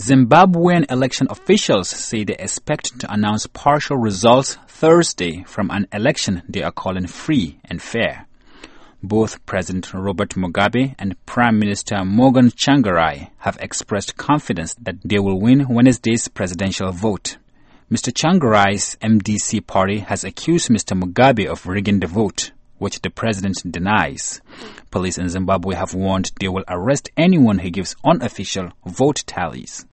Zimbabwean election officials say they expect to announce partial results Thursday from an election they are calling free and fair. Both President Robert Mugabe and Prime Minister Morgan Changarai have expressed confidence that they will win Wednesday's presidential vote. Mr. Changarai's MDC party has accused Mr. Mugabe of rigging the vote, which the president denies. Police in Zimbabwe have warned they will arrest anyone who gives unofficial vote tallies.